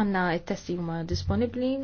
għanna il testi huma disponibli